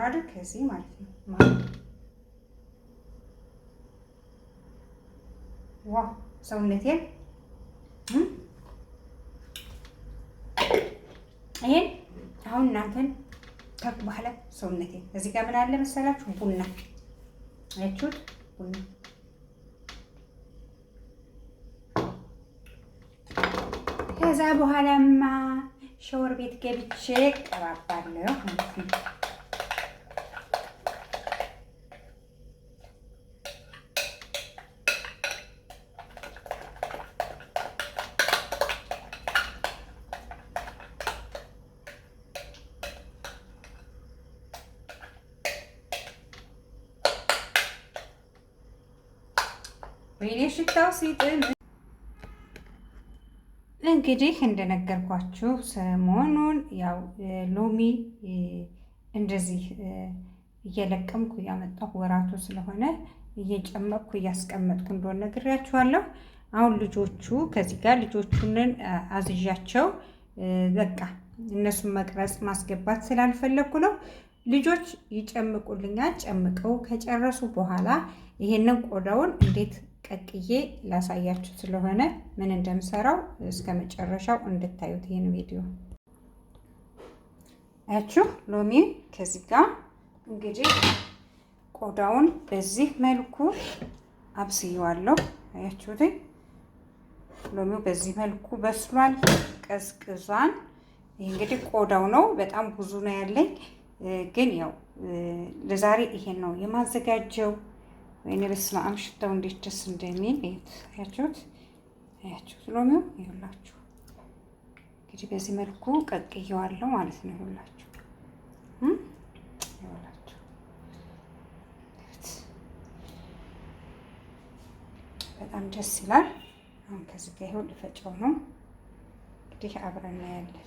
ማድረግ ከዚህ ማለት ነው። ዋው ሰውነቴ ይሄን አሁን እናንተን ተክ በኋላ ሰውነቴ እዚህ ጋር ምን አለ መሰላችሁ? ቡና አያችሁት? ቡና ከዛ በኋላማ ሻወር ቤት ገብቼ ቀባባለሁ ማለት ነው። እንግዲህ እንደነገርኳችሁ ሰሞኑን ያው ሎሚ እንደዚህ እየለቀምኩ እያመጣሁ ወራቱ ስለሆነ እየጨመቅኩ እያስቀመጥኩ እንደሆነ ነግሬያችኋለሁ። አሁን ልጆቹ ከዚህ ጋር ልጆቹንን አዝዣቸው በቃ እነሱን መቅረጽ ማስገባት ስላልፈለግኩ ነው። ልጆች ይጨምቁልኛል። ጨምቀው ከጨረሱ በኋላ ይሄንን ቆዳውን እንዴት ቀቅዬ ላሳያችሁ ስለሆነ ምን እንደምሰራው እስከ መጨረሻው እንድታዩት ይህን ቪዲዮ አያችሁ። ሎሚ ከዚህ ጋር እንግዲህ ቆዳውን በዚህ መልኩ አብስየዋለሁ። አያችሁት፣ ሎሚው በዚህ መልኩ በስሏል፣ ቀዝቅዟል። ይህ እንግዲህ ቆዳው ነው። በጣም ብዙ ነው ያለኝ፣ ግን ያው ለዛሬ ይሄን ነው የማዘጋጀው። ወይኔ በስመ አብ ሽታው እንዴት ደስ እንደሚል አያችሁት? አያችሁት? ሎሚው ይኸውላችሁ እንግዲህ በዚህ መልኩ ቀቅየዋለሁ ማለት ነው። ይኸውላችሁ ይኸውላችሁ በጣም ደስ ይላል። አሁን ከዚህ ጋር ይኸው ልፈጨው ነው እንግዲህ አብረን እናያለን።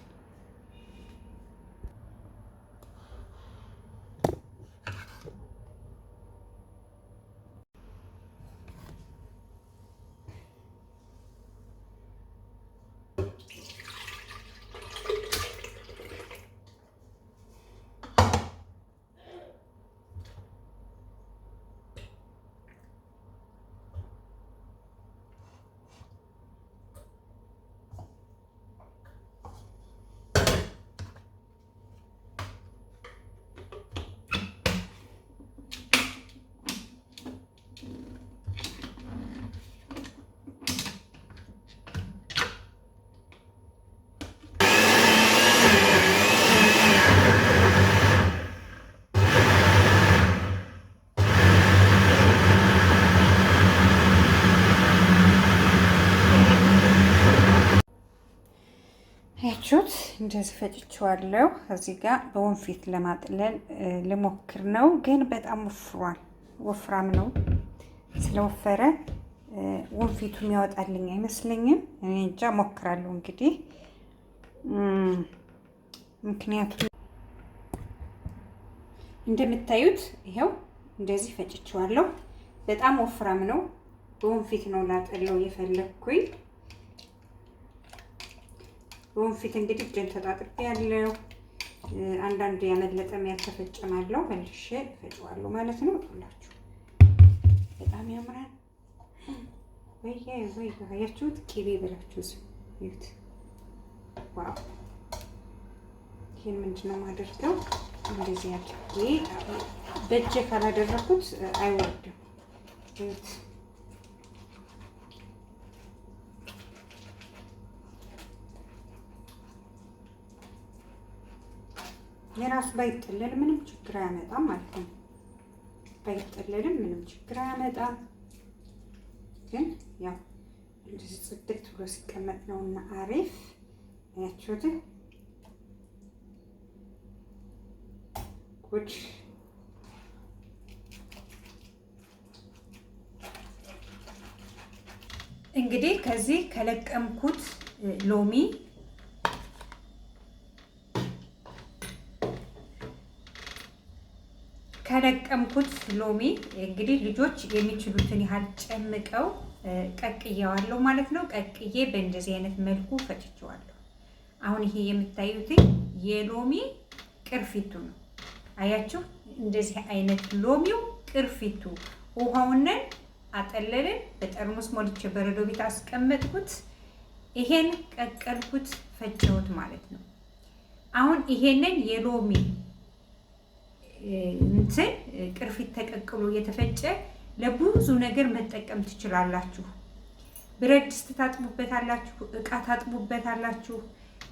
እንደዚህ ፈጭቼዋለሁ። እዚህ ጋር በወንፊት ለማጥለል ልሞክር ነው፣ ግን በጣም ወፍሯል፣ ወፍራም ነው። ስለወፈረ ወንፊቱ የሚያወጣልኝ አይመስለኝም። እኔ እንጃ ሞክራለሁ እንግዲህ ምክንያቱም እንደምታዩት ይኸው እንደዚህ ፈጭቸዋለሁ። በጣም ወፍራም ነው። በወንፊት ነው ላጠለው የፈለግኩኝ። በወንፊት እንግዲህ እጄን ተጣጥቤ ያለው አንዳንድ ያመለጠም ያልተፈጨም አለው መልሼ ማለት ነው። ሁላችሁ በጣም ያምራል። ወይ ወይ ያችሁት ቂቤ ብላችሁ ዩት ዋው! ይህን ምንድን ነው ማደርገው? እንደዚህ ያለ በእጄ ካላደረኩት አይወርድም ዩት የራሱ ባይጠለል ምንም ችግር አያመጣም ማለት ነው። ባይጠለልም ምንም ችግር አያመጣም። ግን ያው እንደዚህ ጽድት ብሎ ሲቀመጥ ነውና አሪፍ አያችሁትን ጉድ እንግዲህ ከዚህ ከለቀምኩት ሎሚ ከለቀምኩት ሎሚ እንግዲህ ልጆች የሚችሉትን ያህል ጨምቀው ቀቅየዋለሁ ማለት ነው። ቀቅዬ በእንደዚህ አይነት መልኩ ፈጭቸዋለሁ። አሁን ይሄ የምታዩት የሎሚ ቅርፊቱ ነው። አያችሁ፣ እንደዚህ አይነት ሎሚው ቅርፊቱ ውሃውንን አጠለልን። በጠርሙስ ሞልቼ በረዶ ቤት አስቀመጥኩት። ይሄን ቀቀልኩት፣ ፈጨሁት ማለት ነው። አሁን ይሄንን የሎሚ እንትን ቅርፊት ተቀቅሎ እየተፈጨ ለብዙ ነገር መጠቀም ትችላላችሁ። ብረት ድስት ታጥቡበታላችሁ፣ እቃ ታጥቡበታላችሁ፣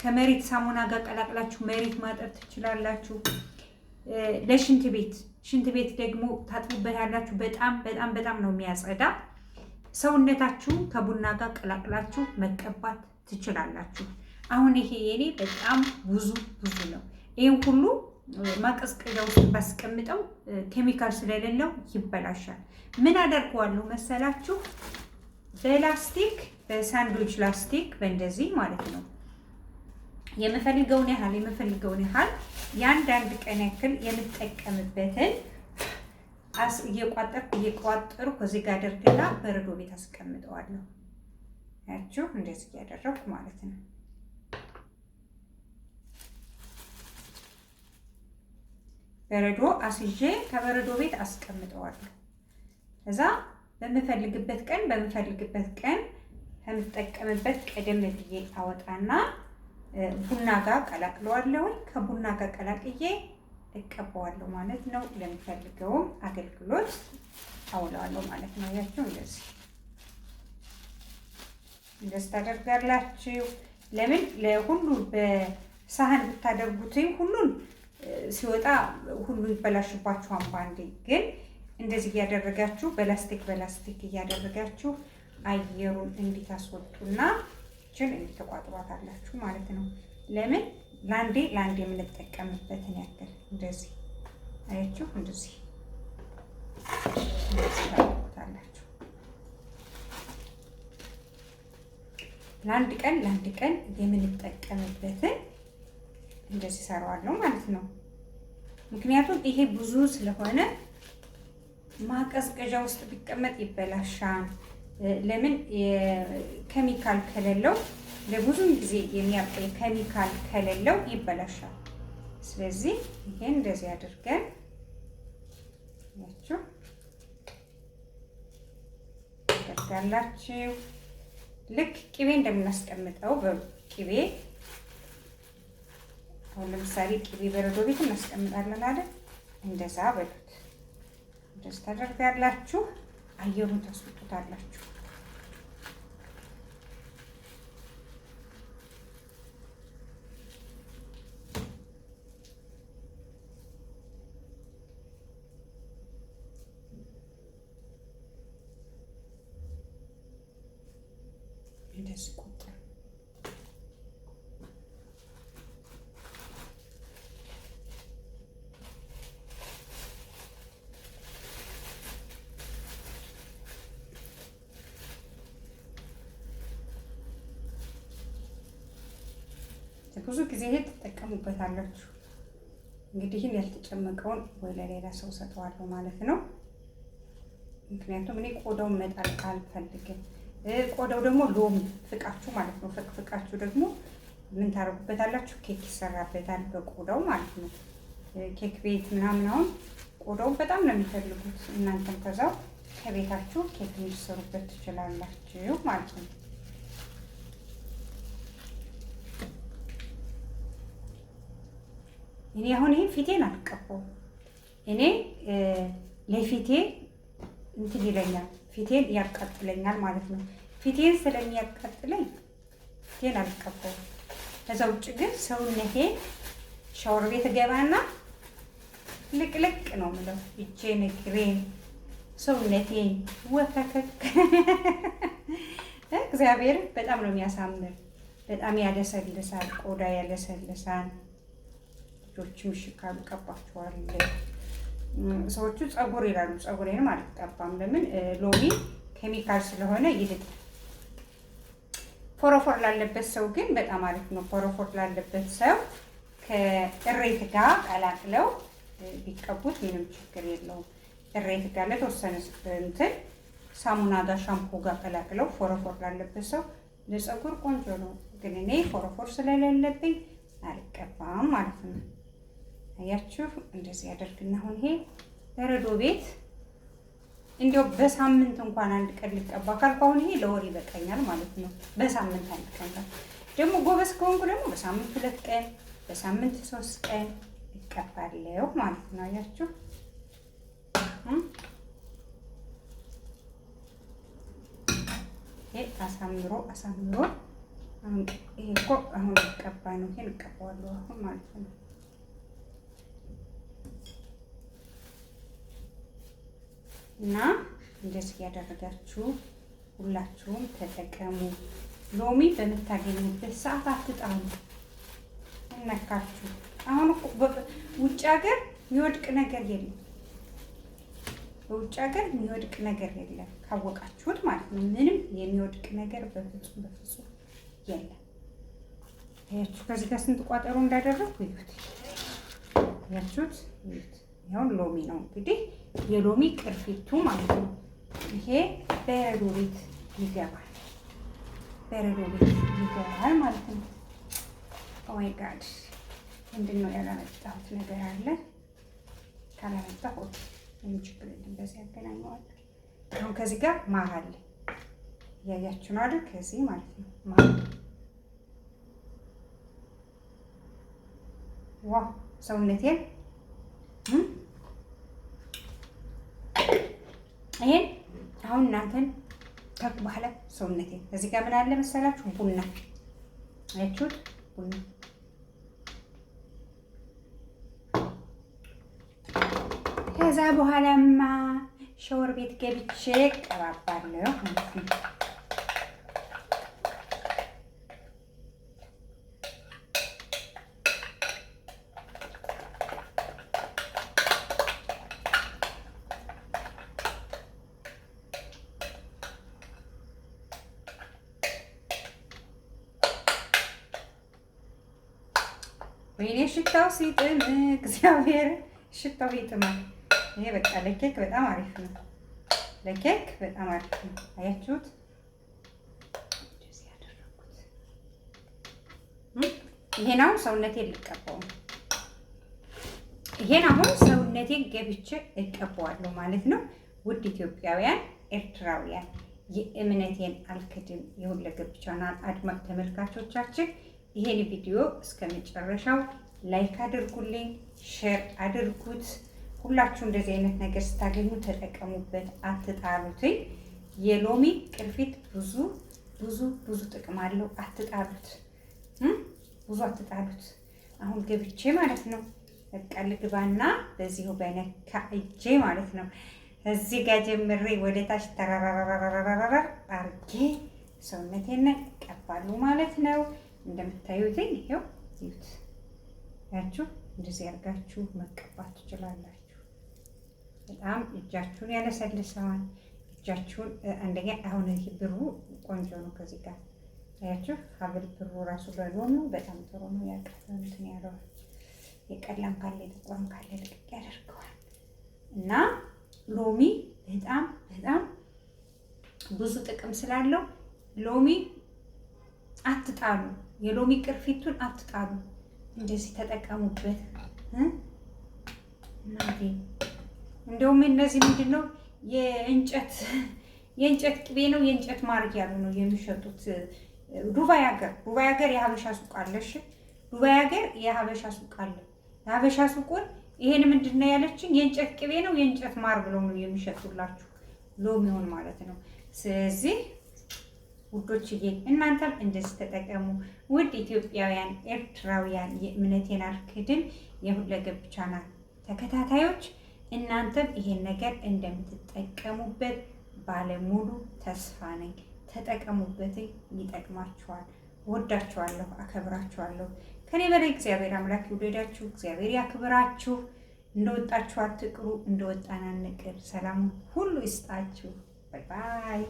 ከመሬት ሳሙና ጋር ቀላቅላችሁ መሬት ማጠብ ትችላላችሁ። ለሽንት ቤት ሽንት ቤት ደግሞ ታጥቡበታላችሁ። በጣም በጣም በጣም ነው የሚያጸዳ። ሰውነታችሁ ከቡና ጋር ቀላቅላችሁ መቀባት ትችላላችሁ። አሁን ይሄ የኔ በጣም ብዙ ብዙ ነው። ይህም ሁሉ ማቀዝቀዣ ውስጥ ባስቀምጠው ኬሚካል ስለሌለው ይበላሻል። ምን አደርገዋለሁ መሰላችሁ? በላስቲክ በሳንድዊች ላስቲክ በእንደዚህ ማለት ነው የምፈልገውን ያህል የምፈልገውን ያህል የአንዳንድ ቀን ያክል የምጠቀምበትን እየቋጠርኩ እየቋጠሩ ከዚህ ጋር አደርግና በረዶ ቤት አስቀምጠዋለሁ። ያችሁ እንደዚህ እያደረኩ ማለት ነው። በረዶ አስዤ ከበረዶ ቤት አስቀምጠዋለሁ። ከዛ በምፈልግበት ቀን በምፈልግበት ቀን ከምጠቀምበት ቀደም ብዬ አወጣና ቡና ጋር ቀላቅለዋለሁ። ከቡና ጋር ቀላቅዬ እቀባዋለሁ ማለት ነው። ለምፈልገውም አገልግሎት አውለዋለሁ ማለት ነው። ያቸው እንደዚህ እንደዚህ ታደርጋላችሁ። ለምን ለሁሉ በሳህን ብታደርጉት ሁሉን ሲወጣ ሁሉ ይበላሽባችኋል በአንዴ። ግን እንደዚህ እያደረጋችሁ በላስቲክ በላስቲክ እያደረጋችሁ አየሩን እንዲታስወጡና ችን እንዲተቋጥባታላችሁ ማለት ነው። ለምን ለአንዴ ለአንዴ የምንጠቀምበትን ያክል እንደዚህ አያችሁ፣ እንደዚህ ታላችሁ ለአንድ ቀን ለአንድ ቀን የምንጠቀምበትን እንደዚህ ሰራዋለሁ ማለት ነው። ምክንያቱም ይሄ ብዙ ስለሆነ ማቀዝቀዣ ውስጥ ቢቀመጥ ይበላሻል። ለምን ኬሚካል ከሌለው ለብዙም ጊዜ የሚያቆይ ኬሚካል ከሌለው ይበላሻል። ስለዚህ ይሄን እንደዚህ አድርገን ያችሁ ታደርጋላችሁ። ልክ ቅቤ እንደምናስቀምጠው በቅቤ አሁን ለምሳሌ ቅቤ በረዶ ቤት እናስቀምጣለን አይደል? እንደዛ በሉት። እንደዚህ ታደርጋላችሁ። አየሩን ታስወጡታላችሁ። ብዙ ጊዜ ይሄ ትጠቀሙበታላችሁ። እንግዲህ ይህን ያልተጨመቀውን ወይ ለሌላ ሰው ሰጠዋለሁ ማለት ነው። ምክንያቱም እኔ ቆዳውን መጣል አልፈልግም። ቆዳው ደግሞ ሎሚ ፍቃችሁ ማለት ነው። ፍቃችሁ ደግሞ ምን ታደርጉበታላችሁ? ኬክ ይሰራበታል በቆዳው ማለት ነው። ኬክ ቤት ምናምን አሁን ቆዳውን በጣም ነው የሚፈልጉት። እናንተም ከዛው ከቤታችሁ ኬክ እንዲሰሩበት ትችላላችሁ ማለት ነው። እኔ አሁን ይሄ ፊቴን አልቀባውም። እኔ ለፊቴ እንትን ይለኛል፣ ፊቴን ያቃጥለኛል ማለት ነው። ፊቴን ስለሚያቃጥለኝ ፊቴን አልቀባውም። ከዛ ውጭ ግን ሰውነቴ ሻወር ቤት ገባና ልቅልቅ ነው ምለው እጄን፣ እግሬን፣ ሰውነቴን ወፈከክ እግዚአብሔር በጣም ነው የሚያሳምር። በጣም ያለሰልሳል፣ ቆዳ ያለሰልሳል። ልጆች ምሽካ ካሉ ቀባቸዋል። ሰዎቹ ጸጉር ይላሉ። ጸጉሬንም አልቀባም። ለምን ሎሚ ኬሚካል ስለሆነ ይልቅ ፎረፎር ላለበት ሰው ግን በጣም አሪፍ ነው። ፎረፎር ላለበት ሰው ከእሬት ጋር ቀላቅለው ቢቀቡት ምንም ችግር የለውም። እሬት ጋር ለተወሰነ እንትን ሳሙና ጋር ሻምፖ ጋር ቀላቅለው ፎረፎር ላለበት ሰው ለጸጉር ቆንጆ ነው። ግን እኔ ፎረፎር ስለሌለብኝ አልቀባም ማለት ነው። አያችሁ እንደዚህ ያደርግና አሁን ይሄ በረዶ ቤት እንዲያው በሳምንት እንኳን አንድ ቀን ልቀባ ካልኩ አሁን ይሄ ለወር ይበቃኛል ማለት ነው። በሳምንት አንድ ቀን ጋር ደግሞ ጎበዝ ከሆንኩ ደግሞ በሳምንት ሁለት ቀን፣ በሳምንት ሶስት ቀን ይቀባለው ማለት ነው። አያችሁ ይሄ አሳምሮ አሳምሮ ይሄ እኮ አሁን ይቀባ ነው። ይሄን እቀባዋለሁ አሁን ማለት ነው። እና እንደዚህ ያደረጋችሁ ሁላችሁም ተጠቀሙ። ሎሚ በምታገኙበት ሰዓት አትጣሙ እነካችሁ። አሁን ውጭ ሀገር የሚወድቅ ነገር የለም። በውጭ ሀገር የሚወድቅ ነገር የለም፣ ካወቃችሁት ማለት ነው። ምንም የሚወድቅ ነገር በፍጹም በፍጹም የለም። ያችሁ ከዚህ ጋር ስንት ቋጠሮ እንዳደረግኩ ይዩት፣ ያችሁት ይዩት። ይኸው ሎሚ ነው እንግዲህ የሎሚ ቅርፊቱ ማለት ነው። ይሄ በረዶ ቤት ይገባል፣ በረዶ ቤት ይገባል ማለት ነው። ኦይ oh ጋድ ምንድን ነው ያላመጣሁት ነገር አለ። ካላመጣሁት ችግር የለም፣ በዚህ ያገናኘዋለሁ። አሁን ከዚህ ጋር ማር አለ፣ እያያችሁ ነው አይደል? ከዚህ ማለት ነው ማር ዋ ሰውነቴን ካልኩ በኋላ ሰውነቴ እዚህ ጋር ምን አለ መሰላችሁ? ቡና አያችሁት? ቡና ከዛ በኋላማ ሻወር ቤት ገብቼ ቀባባለሁ ማለት ነው። ወይኔ ሽታው ሲጥም እግዚአብሔር ሽታው ይጥማል። ይሄ በቃ ለኬክ በጣም አሪፍ ነው። ለኬክ በጣም አሪፍ ነው። አያችሁት? ይሄን አሁን ሰውነቴ ልቀባውም ይሄን አሁን ሰውነቴን ገብቼ እቀባዋለሁ ማለት ነው። ውድ ኢትዮጵያውያን፣ ኤርትራውያን የእምነቴን አልክድም የሁለገብ ቻናል አድማጭ ተመልካቾቻችን ይሄን ቪዲዮ እስከ መጨረሻው ላይክ አድርጉልኝ፣ ሼር አድርጉት። ሁላችሁ እንደዚህ አይነት ነገር ስታገኙ ተጠቀሙበት፣ አትጣሉትኝ። የሎሚ ቅርፊት ብዙ ብዙ ብዙ ጥቅም አለው። አትጣሉት፣ ብዙ አትጣሉት። አሁን ገብቼ ማለት ነው በቃ ልግባና በዚሁ በነካ እጄ ማለት ነው እዚህ ጋር ጀምሬ ወደ ታች አርጌ ሰውነቴን ቀባሉ ማለት ነው። እንደምታዩት ይኸው ዩት ያችሁ እንደዚህ አድርጋችሁ መቀባት ትችላላችሁ። በጣም እጃችሁን ያለሰልሰዋል። እጃችሁን አንደኛ አሁን ብሩ ቆንጆ ነው። ከዚህ ጋር ያችሁ ሀብል ብሩ ራሱ በሎኑ በጣም ጥሩ ነው። ያቀረቡትን ያለዋል የቀላም ካለ የጥቁርም ካለ ልቅቅ ያደርገዋል እና ሎሚ በጣም በጣም ብዙ ጥቅም ስላለው ሎሚ አትጣሉ። የሎሚ ቅርፊቱን አትጣሉ። እንደዚህ ተጠቀሙበት። እንደውም እነዚህ ምንድን ነው የእንጨት የእንጨት ቅቤ ነው የእንጨት ማርግ ያሉ ነው የሚሸጡት። ዱባይ ሀገር ዱባይ ሀገር የሀበሻ ሱቅ አለሽ። ዱባይ ሀገር የሀበሻ ሱቅ አለ። የሀበሻ ሱቁን ይሄን ምንድን ነው ያለችኝ? የእንጨት ቅቤ ነው የእንጨት ማር ብለው ነው የሚሸጡላችሁ ሎሚውን ማለት ነው። ስለዚህ ውዶችዬ እናንተም እንደዚህ ተጠቀሙ። ውድ ኢትዮጵያውያን፣ ኤርትራውያን የእምነቴን አርክድን የሁለገብ ቻናል ተከታታዮች እናንተም ይሄን ነገር እንደምትጠቀሙበት ባለሙሉ ተስፋ ነኝ። ተጠቀሙበት፣ ይጠቅማችኋል። ወዳችኋለሁ፣ አከብራችኋለሁ። ከኔ በላይ እግዚአብሔር አምላክ ይውደዳችሁ፣ እግዚአብሔር ያክብራችሁ። እንደወጣችሁ አትቅሩ፣ እንደወጣን አንቅር። ሰላም ሁሉ ይስጣችሁ። ባይ ባይ